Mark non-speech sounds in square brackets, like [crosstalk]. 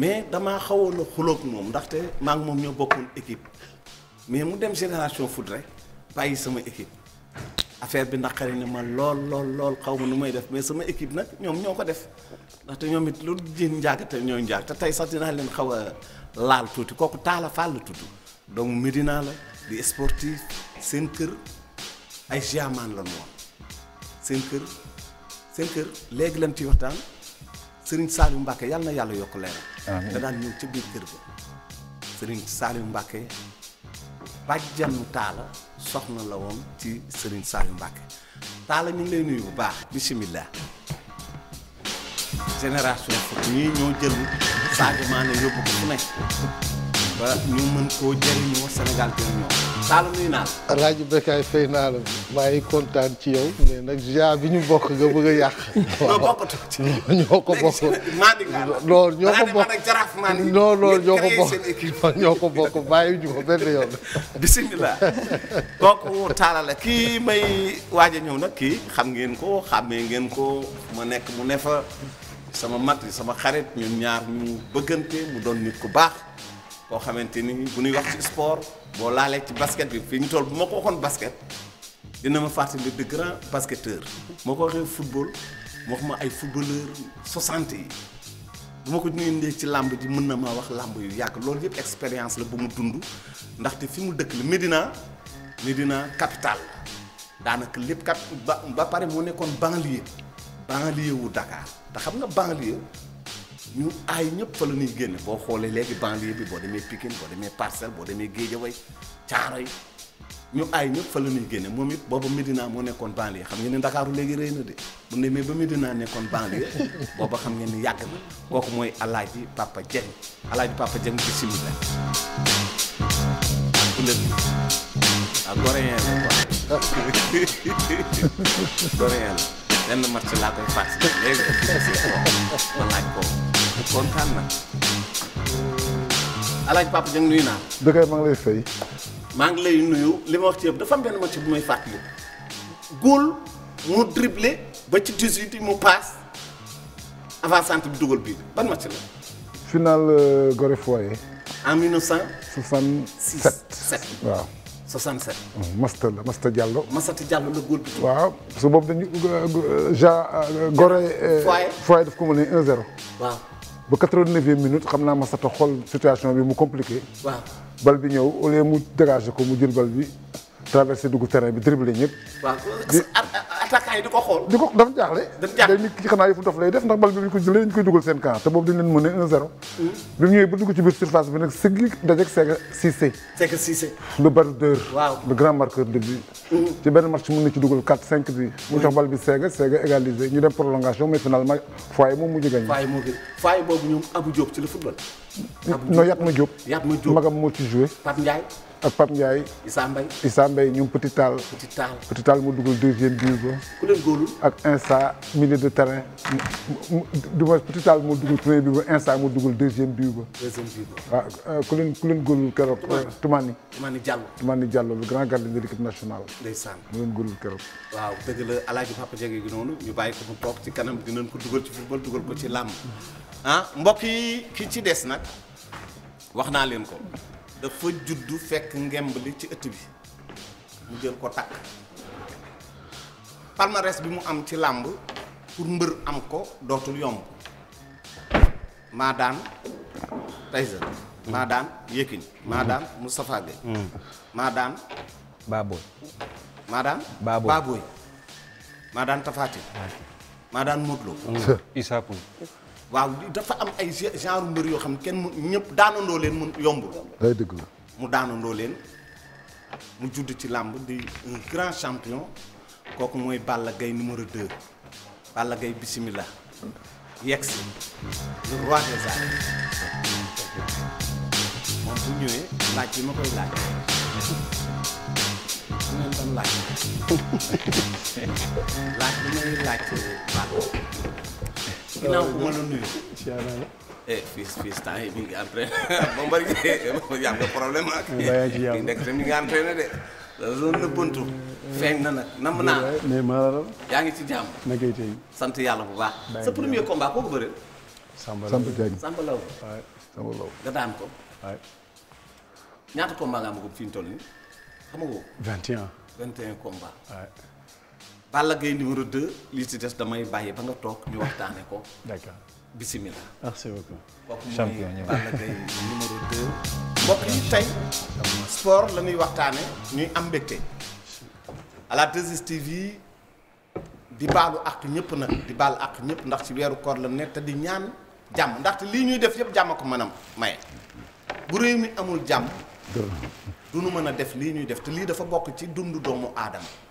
mais damaa xawoon a xuloog moom ndaxte maa ngi moom ñoo bokkoon équipe mais mu dem génération foot rek bàyyi sama équipe affaire bi naqari ne ma lool lool xaw ma nu may def mais sama équipe nag ñoom ñoo ko def ndaxte ñoom it loolu jéem njaagate ñooy njaag te tey sax dinaa leen xaw a laal tuuti kooku taala faal la donc doomu Médina la di sportif seen kër ay jaman la woon seen kër seen kër léegi lan ci waxtaan Serigne Saliou Mbacke yàlla na yàlla yokk leeram da daan ñëw ca biir kër ga sëriñ Saliou Mbacke taala soxna la woon ci sëriñ Saliou Mbacke taala ñu lay nuyu bu baax bisimilah génération foofu ñii ñoo jël sagement ne yóbbu ko fu nekk ba ñu mën koo jëriñoo Sénégal te ñoom. Saalum nuyu fay naa la maa kontaan ci yow mais nag bi ñu bokk nga bëgg a yàq. ñoo [laughs] ñoo ko bokk. loolu ñoo ko bokk non loolu ñoo ñu ko benn yoon. [laughs] bisimilah kooku taala la kii may waaj ñëw nag kii xam ngeen ko xàmmee ngeen ko ma nekk mu ne fa sama mag sama xarit ñun ñaar ñu bëggante mu doon nit ku baax. koo xamante ni bu nuy wax ci sport boo laalee ci basket bi fi ñu toll bu ma koo waxoon basket dina ma fàttali de grand basketteur moo ko waxee football moo xam ma ay footballeur soixante yi bu ma ko ñu indee ci làmb ji mën na maa wax làmb yu yàgg loolu yëpp expérience la bu mu dund ndaxte fi mu dëkk la Médina Médina capitale daanaka lépp kat ba ba pare moo nekkoon banlieue banlieue wu Dakar te xam nga banlieue ñun aay ñëpp fa la ñuy génne boo xoolee léegi banlieue bi boo demee Pikine boo demee Parcelles boo demee Guédiawaye Thiaroye ñu aay ñëpp fa la ñuy génne moom it booba Medina moo nekkoon banlieue xam ngeen ni Ndakaaru léegi rëy na de bu demee ba Medina nekkoon banlieue [laughs] booba xam ngeen ni yàgg na kooku mooy Alaaji Papa Dieng Alaaji Papa Dieng bisimilah ak ah, ku lëg ak goréen la [laughs] goréen la benn match laa koy fàttali léegi [laughs] man laaj ko kontaan na. Alaaji Papa Dieng nuyu naa. dëgg maa ngi lay fay. maa ngi nuyu li ma wax ci yëpp dafa am benn match bu may fàttali. góol ba ci mu paas avant centre bi dugal bii ban match la. final euh, Gorée Foyer. en 1967. 67 waaw. Oh, la Masta Diallo. Masta waaw parce que boobu dañu euh, ja euh, Gorée. Foyer Foyer daf ko mënee 1-0. ba quatre-vingt-neuvième minute xam naa Massata xool situation bi mu compliqué. waaw bal bi ñëw au lieu mu dégager ko mu jël bal bi. traversé dugg terrain bi dribblé ñëpp. waaw di ko xool. di ko jaaxle. day nit ki xanaa yëfu dof lay def ndax bal bi ñu ko jëlee dañ koy dugal seen camp te boobu dañ leen mën a 1-0. bi mu ñëwee ba dugg ci biir surface bi nag sëgg dajeeg Séga Cissé. Séga Cissé. le baroudeur. waaw grand marqueur de hmm. ci benn match mën na ci dugal 4-5 bi. mu jox hmm. bal bi Séga Séga égalisé ñu dem prolongation mais finalement Foye moom mujj gañ. Foye moo gën Foye boobu ñoom Abou Diop ci le football. magam moo ci joué. ak Pape Ndiaye. Issa Mbaye Issa Mbaye ñoom Petit Tall. Petit Tall Petit Tall mu dugal deuxième bii ba. ku leen góolul ak Insa milieu de terrain. du moins Petit Tall mu dugal premier bii ba Insa mu dugal deuxième bii ba. deuxième bii ba waaw euh, ku leen ku leen góolul keroog. Toumani euh, Toumani Diallo. Toumani Diallo le grand gardien de l'équipe nationale. mu leen góolul keroog. waaw dëgg la El Hadj Papa Dieng gi noonu ñu bàyyi ko mu toog ci kanam dinañ ko dugal ci football dugal ko ci làmb ah mbokk yi ki ci des nag wax naa leen ko. dafa juddu fekk ngemb li ci ëtt bi mu jël ko takk palmarès bi mu am ci làmb pour mbër am ko dootul yomb maa daan Tyson maa daan Yékini maa daan Moustapha Gueye mm. maa daan Baboy maa daan Baboy maa daan Tapha Tine waaw dafa am ay genre mbër yoo xam ne kenn mu ñëpp daanandoo leen mu yombul. ay dëgg mu daanandoo leen mu judd ci làmb di un grand champion kooku mooy Balla Gaye numéro 2 Balla Gaye bisimilah yegg si le yi ma koy laaj. [laughs] laaj bi may laaj laaj ginnaaw bu ma la nuyu. incha allah. eh fii fii temps yii mi ngi entraîné [laughs] Bombardier [laughs] yàq nga problème ak. waaye eh, ci yàlla nekk tam mi ngi entraîné de. loolu na nag nam naa. Eh, mais maa yaa ngi ci jàmm. nagay tey. sant yàlla bu baax. sa premier combat kooku bëri. Samba Law Samba Law. waaw Samba Law. nga daan ko. waay. ñaata combat nga am ko fi ñu toll nii xam nga ko. 21. 21 combat. Balla Gaye numéro 2 li si des damay bàyyi ba nga toog ñu waxtaane ko. d'accord bisimilah. merci beaucoup champion kooku mooy Balla Gaye numéro 2. mbokk sport la ñuy waxtaane ñuy am mbégte à la 2 di baalu ak ñëpp nag di baalu ak ñëpp ndax ci weeru koor la ne te di ñaan jàmm ndaxte lii ñuy def yëpp jàmm ko mënam maye bu réew mi amul jàmm. du nu mën a def lii ñuy def te lii dafa bokk ci dundu doomu aadama.